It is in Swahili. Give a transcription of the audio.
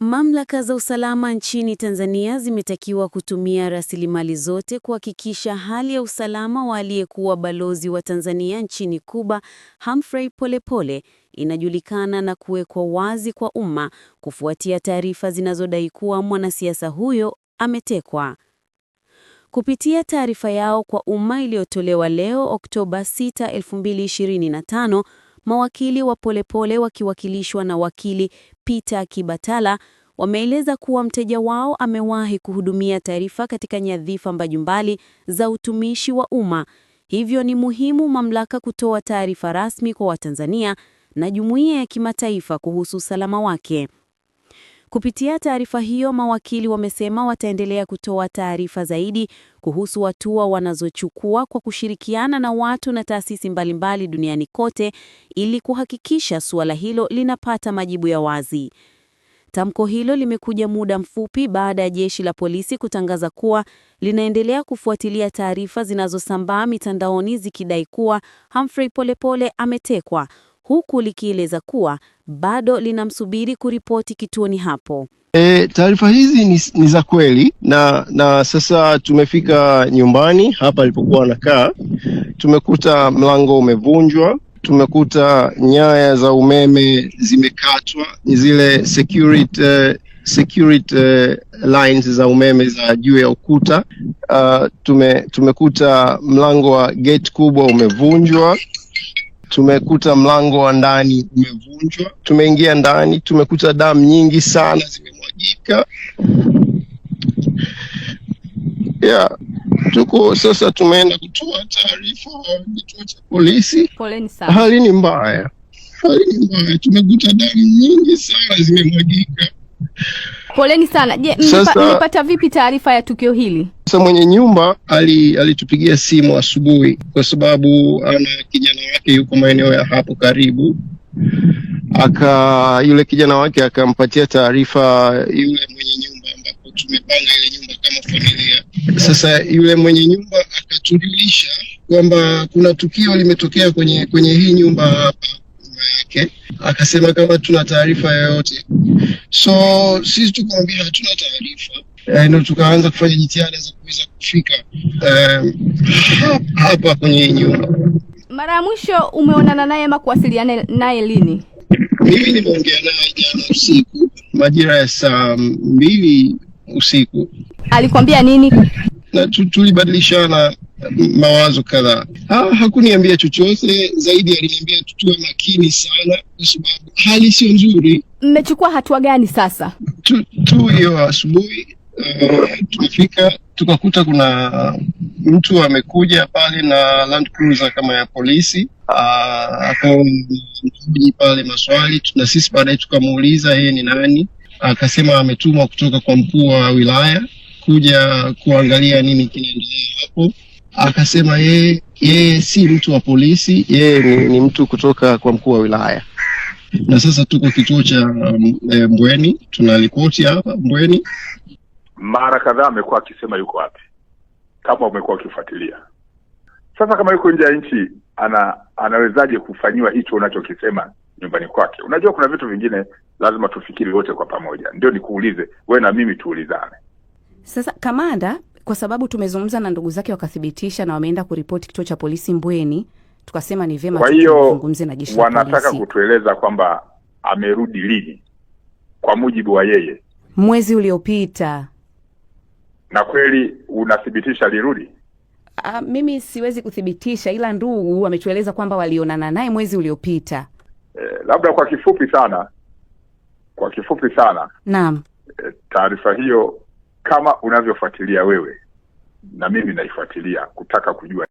Mamlaka za usalama nchini Tanzania zimetakiwa kutumia rasilimali zote kuhakikisha hali ya usalama wa aliyekuwa balozi wa Tanzania nchini Cuba, Humphrey Polepole, inajulikana na kuwekwa wazi kwa umma kufuatia taarifa zinazodai kuwa mwanasiasa huyo ametekwa. Kupitia taarifa yao kwa umma iliyotolewa leo Oktoba 6, 2025, mawakili wa Polepole wakiwakilishwa na wakili Peter Kibatala wameeleza kuwa mteja wao amewahi kuhudumia taarifa katika nyadhifa mbalimbali za utumishi wa umma. Hivyo ni muhimu mamlaka kutoa taarifa rasmi kwa Watanzania na jumuiya ya kimataifa kuhusu usalama wake. Kupitia taarifa hiyo, mawakili wamesema wataendelea kutoa taarifa zaidi kuhusu hatua wanazochukua kwa kushirikiana na watu na taasisi mbalimbali duniani kote ili kuhakikisha suala hilo linapata majibu ya wazi. Tamko hilo limekuja muda mfupi baada ya jeshi la polisi kutangaza kuwa linaendelea kufuatilia taarifa zinazosambaa mitandaoni zikidai kuwa Humphrey Polepole ametekwa huku likieleza kuwa bado linamsubiri kuripoti kituoni hapo. E, taarifa hizi ni, ni za kweli na na sasa tumefika nyumbani hapa alipokuwa anakaa, tumekuta mlango umevunjwa, tumekuta nyaya za umeme zimekatwa, ni zile security security eh, lines za umeme za juu ya ukuta. Uh, tume, tumekuta mlango wa gate kubwa umevunjwa. Tumekuta mlango wa ndani umevunjwa, tumeingia ndani, tumekuta damu nyingi sana zimemwagika. Yeah, tuko sasa, tumeenda kutoa taarifa kituo cha polisi. Hali ni mbaya, hali ni mbaya, tumekuta damu nyingi sana zimemwagika. Poleni sana. Je, mmepata vipi taarifa ya tukio hili? Sasa mwenye nyumba alitupigia ali simu asubuhi, kwa sababu ana kijana wake yuko maeneo ya hapo karibu, aka yule kijana wake akampatia taarifa yule mwenye nyumba, ambapo tumepanga ile nyumba kama familia. Sasa yule mwenye nyumba akatujulisha kwamba kuna tukio limetokea kwenye kwenye hii nyumba hapa nyuma yake, akasema kama tuna taarifa yoyote So sisi tukaambia hatuna taarifa eh, ndio tukaanza kufanya jitihada za kuweza kufika eh, hapa kwenye nyumba. Mara ya mwisho umeonana naye ama kuwasiliana naye lini? Mimi nimeongea naye jana usiku majira ya saa mbili usiku. Alikuambia nini? Na tulibadilishana mawazo kadhaa. Ha, hakuniambia chochote zaidi, aliniambia tutue makini sana, kwa sababu hali sio nzuri. Mmechukua hatua gani sasa? tu tu hiyo asubuhi uh, eh, tumefika tukakuta kuna mtu amekuja pale na Land Cruiser kama ya polisi ah, akaji pale maswali na sisi baadaye tukamuuliza yeye ni nani, akasema ametumwa kutoka kwa mkuu wa wilaya kuja kuangalia nini kinaendelea hapo akasema yeye yeye si mtu wa polisi, yeye ni, ni mtu kutoka kwa mkuu wa wilaya. Na sasa tuko kituo cha e, Mbweni, tuna ripoti hapa Mbweni. Mara kadhaa amekuwa akisema yuko wapi, kama umekuwa ukifuatilia. Sasa kama yuko nje ya nchi, ana anawezaje kufanyiwa hicho unachokisema nyumbani kwake? Unajua, kuna vitu vingine lazima tufikiri wote kwa pamoja. Ndio nikuulize wewe na mimi tuulizane. Sasa kamanda, kwa sababu tumezungumza na ndugu zake wakathibitisha na wameenda kuripoti kituo cha polisi Mbweni, tukasema ni vyema tuzungumze na jeshi Wanataka kutueleza kwamba amerudi lini kwa mujibu wa yeye, mwezi uliopita. Na kweli unathibitisha alirudi? A, ah, mimi siwezi kuthibitisha, ila ndugu wametueleza kwamba walionana naye mwezi uliopita. E, labda kwa kifupi sana, kwa kifupi sana. Naam. E, taarifa hiyo kama unavyofuatilia wewe na mimi naifuatilia kutaka kujua